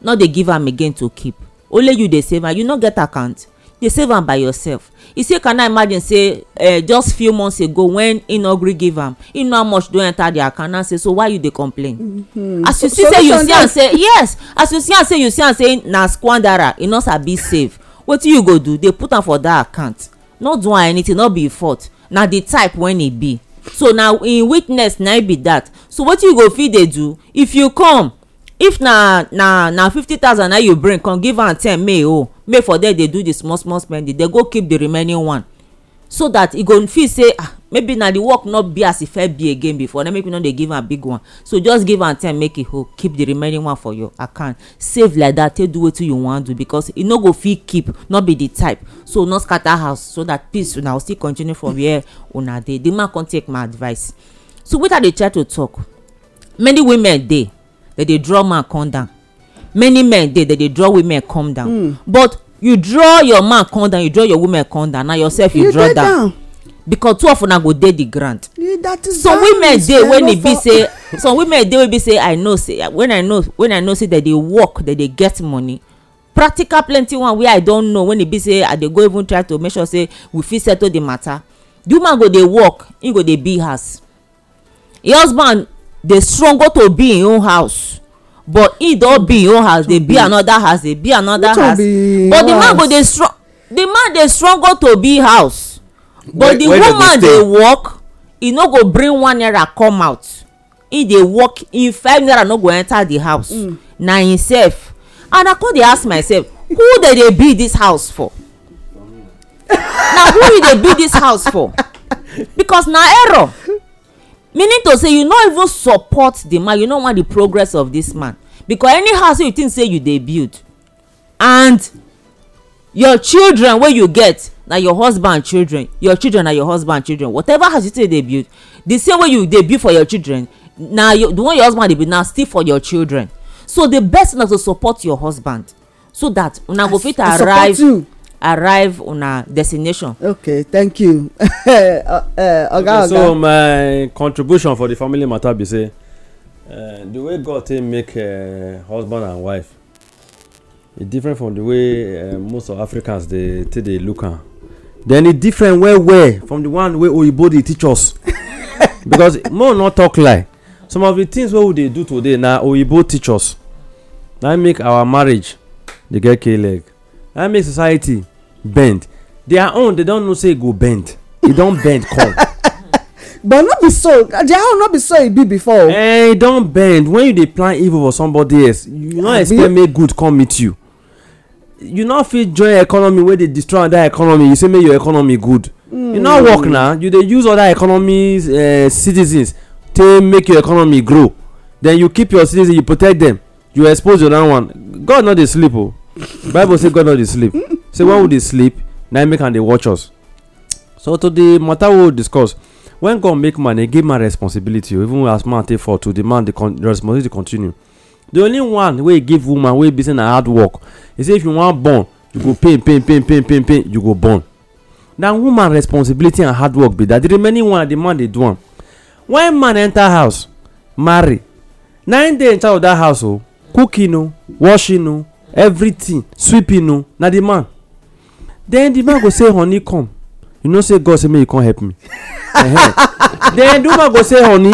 no dey give am again to keep only you dey save am you no get account dey save am by yourself e say can i imagine say uh, just few months ago when he no gree give am he know how much don enter the account now say so why you dey complain mm -hmm. as you see say you see am say yes as you see am say you see am say na squanderer e no sabi save wetin you go do dey put am for dat account no do am anything no be e fault na the type wen e be so na im witness, na e be that so wetin you go fit dey do if you come if na na na fifty thousand na you bring come give am ten may e o may for there dey do the small small spending dey go keep the remaining one so that e go feel say ah maybe na the work no be as e fit be again before na make you no dey give am big one so just give am ten make e hold keep the remaining one for your account save like that take do wetin you wan do because e no go fit keep no be the type so no scatter house so that peace una go still continue from where una dey the man come take my advice so wetin i dey try to talk many women dey dem dey draw man come down many men dey dem dey draw women come down mm. but you draw your man come down you draw your woman come down na yourself you, you draw down, down. because two of una go dey the ground some women dey when e be say some women dey wey be say i know say when i know when i know say dem dey work dem dey get money practical plenty one wey i don know when e be say i dey go even try to make sure say we fit settle the matter the woman go dey work im go dey be house im husband dey struggle to be im own house but e don be im own house dey be another house dey be another house but the man go dey strong the man dey struggle to be house but the woman dey work e no go bring one naira come out e dey work im five naira no go enter the house mm. na himself and i come dey ask myself who dey dey build this house for <laughs> na who you dey build this house for because na error meaning to say you no even support the man you no want the progress of this man because any house wey you think say you dey build and your children wey you get na your husband children your children na your husband children whatever house you still dey build the same way you dey build for your children na the one your husband dey build na still for your children so the best thing na to support your husband so that una go fit arrive arrive on our destination. okay thank you <laughs> eh, eh, oga uh, oga. okay, so my contribution for the family matter be say uh, the way god take make uh, husband and wife e different from the way uh, most of africans dey take dey look am then e different well well from the one wey oyibo dey teach us <laughs> because mo no talk lie some of the things wey we dey do today na oyibo teach us na make our marriage dey get k leg na make society bend their own they don't know say e go bend e don bend come. <laughs> but no be so their own no be so e be before. eh e don bend when you dey plan evil for somebody else you no ah, expect make good come meet you you no fit join economy wey dey destroy another economy you say make your economy good e no hmm. work na you dey use other economy eh, citizens take make your economy grow then you keep your citizens you protect them you expose your own one god no dey sleep o oh. bible say god no dey sleep say when we dey sleep na make am dey watch us so to di matter we discuss when god make man e give man responsibility oh, even as man take fall to di man di responsibility continue The only one wey e give woman wey be say na hard work He say if you wan born you go pain pain pain pain pain pain you go born na woman responsibility and hard work be that the remaining one the man dey do am when man enter house marry Nine day in charge of that house o oh. cooking o oh. washing o everything sweeping o na the man then the man go say honey come you know say god say make you come help me then the woman go say honey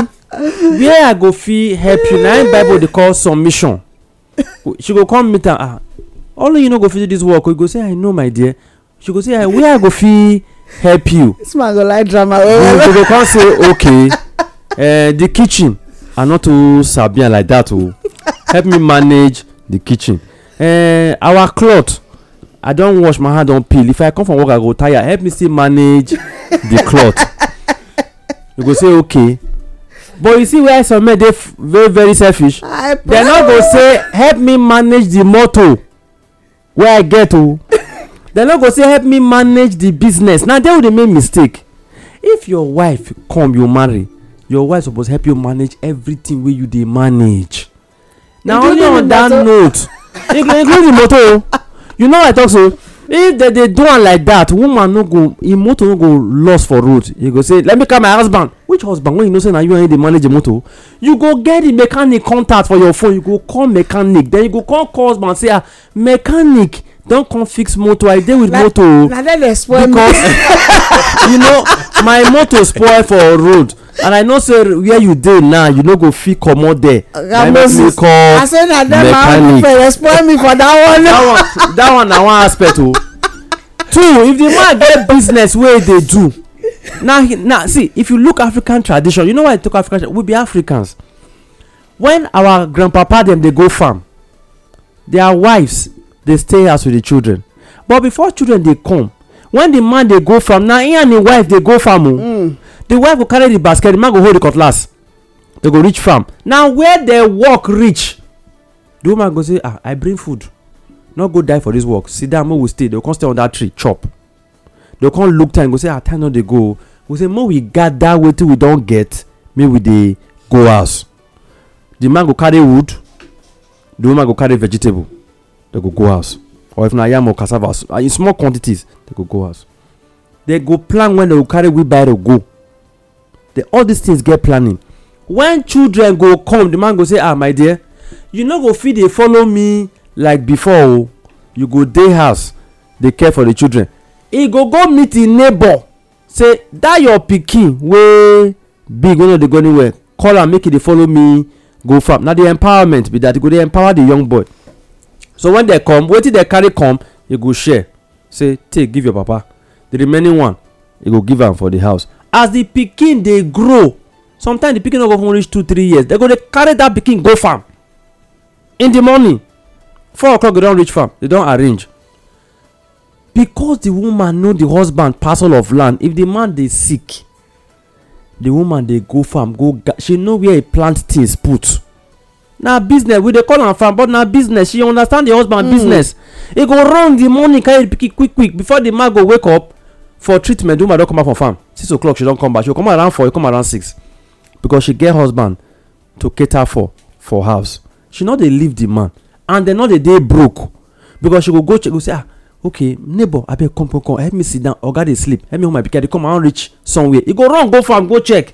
where i go fit help you na im bible dey call submission she go come meet am ah only you no go fit do this work o you go say i know my dear she go say ah, where i go fit help you this man go like drama well well you go come say okay uh, the kitchen i no too sabi am like that o oh. help me manage the kitchen uh, our cloth i don't wash my hand on peel if i come from work i go tire help me still manage the cloth <laughs> you go say okay but you see where some men dey very very selfish They no go say help me manage the motor wey i get o <laughs> They no go say help me manage the business na dem dey make mistake if your wife come you marry your wife suppose help you manage everything wey you dey manage na only on that note <laughs> including motor o oh you know i talk so if they dey do am like that, woman no go im motor no go loss for road you go say let me call my husband which husband when you know say na you and him dey manage the motor you go get the mechanic contact for your phone you go call mechanic then you go call call husband say ah mechanic don come fix motor i dey with motor o because <laughs> you know my motor spoil for road and i know say where you dey now you no go fit comot there na i say na dem i wan pay spoil me for that one that one na one aspect o oh. two if the man get business wey e dey do now now see if you look african tradition you know why i talk african tradition. we be africans when our grandpapa dem dey go farm their wives dey stay house with the children but before children dey come when the man dey go farm na he and him wife dey go farm o oh. mm the wife go carry the basket the man go hold the cutlass they go reach farm Now, where the work reach the woman go say ah i bring food no go die for this work sit down make we stay they come stay under tree chop they come look time go say ah time no dey go we say make we gather wetin we don get make we dey go house the man go carry wood the woman go carry vegetable they go go house or if na yam or cassava in small quantities they go go house they go plan when they go carry wheelbarrow go all these things get planning when children go come the man go say ah my dear you no go fit dey follow me like before o you go dey house dey care for the children e go go meet e neighbor say dat your pikin wey big wey no dey go anywhere call am make e dey follow me go farm na the empowerment be that e go dey empower the young boy so when dem come wetin dem carry come e go share say take give your papa the remaining one e go give am for the house as the pikin dey grow sometimes the pikin no go even reach two three years They go dey carry that pikin go farm in the morning four o'clock they don reach farm They don arrange because the woman know the husband parcel of land if the man dey sick the woman dey go farm go she know where he plant things put na business we dey call am farm but na business she understand the husband hmm. business e go run the morning carry the pikin quick quick before the man go wake up for treatment woman don come back from farm six o'clock she don come back she go come around four She come around six because she get husband to cater for for house she no dey leave the man and dem no dey dey broke because she go go check go say ah okay neighbor abeg come come come help me sit down oga dey sleep help me hold my pikin i dey come i wan reach somewhere e go run go farm go check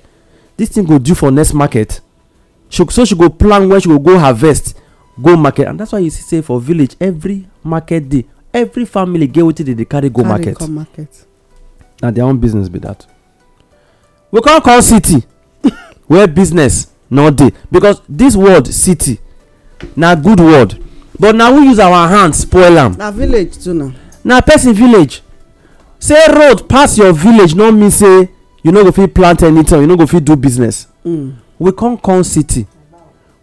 this thing go do for next market she, so she go plan when she go go harvest go market and that's why you see say for village every market day every family get wetin dey dey carry go carry market. Go market na their own business be that we con call city <laughs> where business no dey because this word city na good word but na we use our hand spoil am na village too na na person village say road pass your village no mean say you no go fit plant anything you no go fit do business mm. we con come city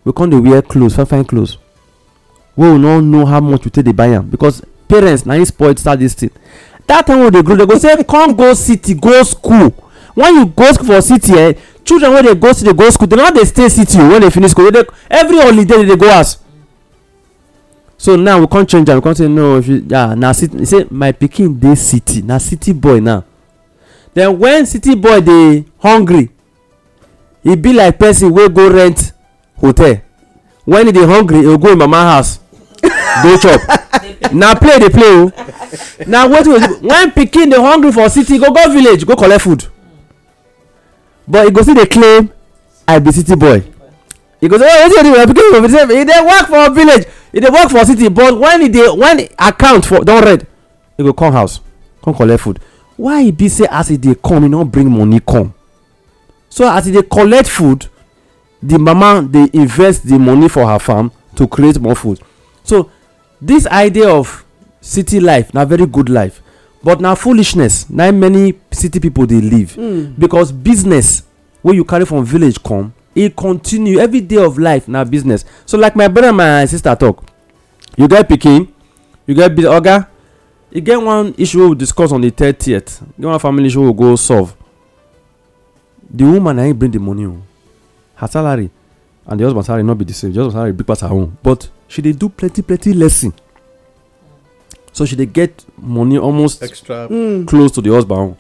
we con dey wear clothes fine fine clothes wey we no know how much we take dey buy am because parents na im spoil start this thing that time wey we dey grow dem go say come go city go school when you go for city eh children wey dey go city dey go school dem no dey stay city oh, when dem finish school every holiday dem dey go house so now we come change am we come say no if you ah na city say my pikin dey city na city boy now then when city boy dey hungry e be like person wey go rent hotel when e dey hungry e go go im mama house go chop na play dey play o na wetin we do when pikin dey hungry for city go go village go collect food but e go still dey claim i be city boy e go say oh wetin you do my pikin go be say e dey work for village e dey work for city but when e dey when account for don red e go come house come collect food why e be say as e dey come e no bring money come so as e dey collect food the mama dey invest the money for her farm to create more food so this idea of city life na very good life but na foolishness na many city people dey live hmm. because business wey you carry from village come e continue every day of life na business so like my brother and my sister talk you get pikin you get business oga e get one issue wey we discuss on the thirtieth e get one family issue wey we go solve the woman na him bring the money o her salary and the husband salary not be the same the husband salary big pass her own but she dey do plenty plenty lesson so she dey get money almost extra hmm. close to the husband own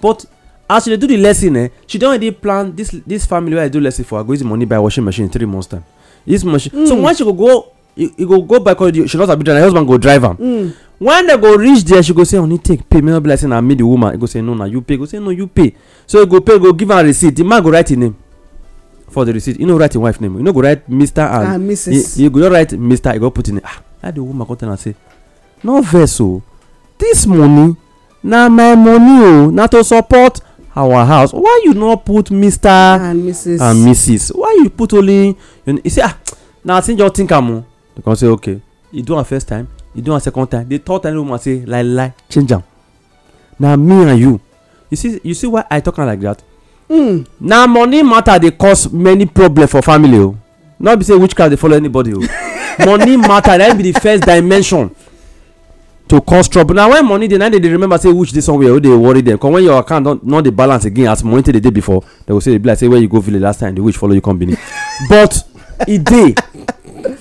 but as she dey do the lesson eh she don already plan this this family wey i do lesson for i go use the money buy washing machine in three months time this machine mm. so hmm. when she go go e, e go go buy cause she no sabi drive her husband go drive am mm. when dem go reach there she go say honey take pay may no be like say na me the woman e go say no na you pay go say no you pay so e go pay go give am receipt the man go write him name for the receipt you no write him wife name you no go write mr and ah, mrs you go just write mr you go put in ah that the woman come tell am say no vex o this money na my money o na to support our house why you no put mr and mrs and mrs why you put only you say ah na since just think am o they come say okay you do am first time you do am second time the third time the woman say lie lie change am na me and you you see you see why i talk am like that Hmm. na money matter dey cause many problem for family o not be say witchcraft dey follow anybody o <laughs> money matter na be the first dimension to cause trouble na when money dey na dey remember say witch dey somewhere wey dey worry them. Cause when your account no dey balance again as money take dey dey before they go say dey be like say where you go village last time the witch follow you come benin <laughs> but e dey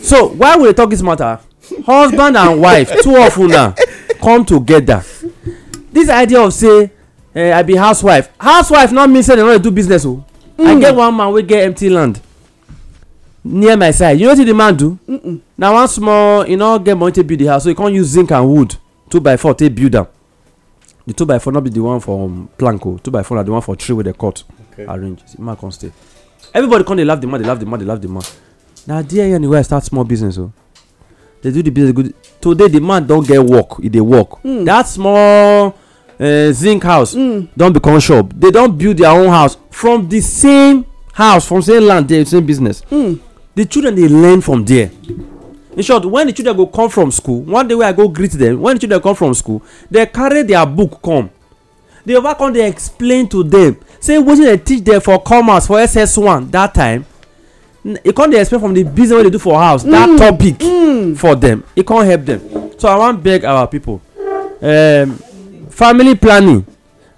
so why we dey talk this matter husband and wife two of una come together this idea of say Eh, i be housewife housewife not mean say dem no dey do business o oh. i mm. get one man wey get empty land near my side you know wetin the man do na one small e no get money take build the house so e come use zinc and wood two by four take build am the two by four no be the one for um, plank o oh. two by four na the one for tree wey dey cut Okay. arrange the man come stay everybody come dey laugh the man dey laugh the man dey laugh the man na there anywhere i start small business o oh. dey do the business good today the man don get work e dey work mm. that small Eh, zinc house mm. don become shop they don build their own house from the same house from same land there same business mm. the children dey learn from there in short when the children go come from school one day wey i go greet them when the children come from school they carry their book come the oba come dey explain to them say wetin dem teach them for commerce for ss1 that time e come dey explain from the business wey dey do for house that mm. topic for them e come help them so i wan beg our people um, family planning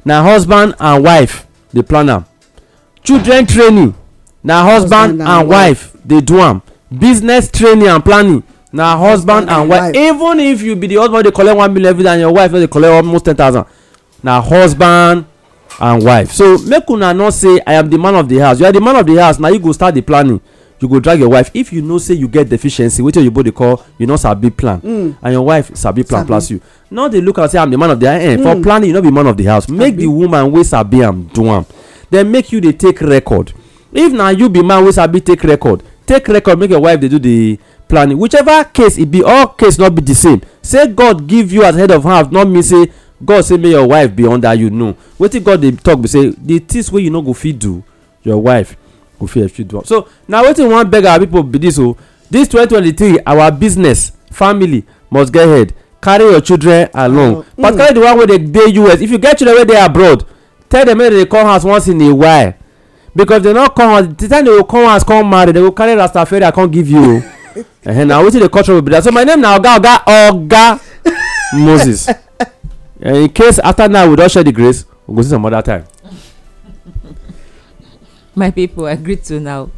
na husband and wife dey plan am children training na husband and wife dey do am business training and planning na husband and wife even if you be the husband dey collect one million every day and your wife no dey collect almost ten thousand na husband and wife so make una know say i am the man of the house you are the man of the house na you go start the planning you go drag your wife if you know say you get deficiency wetin oyibo dey call you no sabi plan mm. and your wife sabi plan plus you no dey look at say i'm the man of the house eh, for mm. planning you no be man of the house make the woman wey sabi am do am then make you dey take record if na you be man wey sabi take record take record make your wife dey do the planning whichever case e be all case no be the same say god give you as head of house no mean say god say make your wife be under you no wetin god dey talk be say the things wey you no go fit do your wife go fit achieve one so na wetin wan beg our pipo be dis o dis 2023 our business family must get head carry your children along mm. particularly the one wey dey dey us if you get children wey dey abroad tell dem make dem dey come house once in a while because dem no come house the time dem go come house come marry dem go carry rastafari come give you o <laughs> na wetin dey culture will be that so my name na oga oga oga moses <laughs> in case after now we don share the grace we go see some other time my people agree to now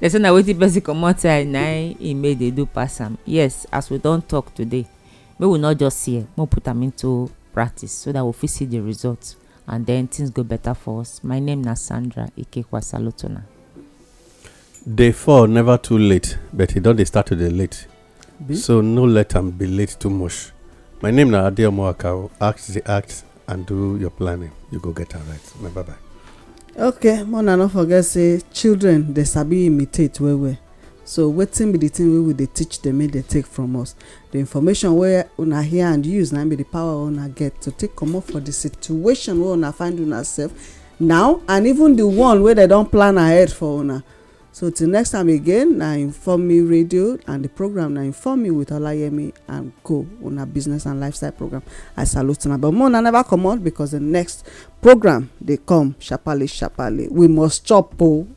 The say na wetin person comot eye na im e, e make dey do pass am yes as we don talk today make we no just hear make we put am into practice so that we fit see the result and then things go better for us my name na sandra ikekwasalotona. day four never too late but e don dey start to dey late be? so no let am be late too much my name na adeomo akaro act the act and do your planning you go get am right bye bye okay mona no forget say children dey sabi imitate well well so wetin be the thing wey we dey teach dem make dem take from us the information wey una hear and use na be the power una get to take comot for the situation wey una find una sef now and even the one wey dem don plan ahead for una so till next time again na inform me radio and the program na inform me with olayemi and co una business and lifestyle program i salute una but more na never come on because the next program dey come sharparly sharparly we must chop o. Oh.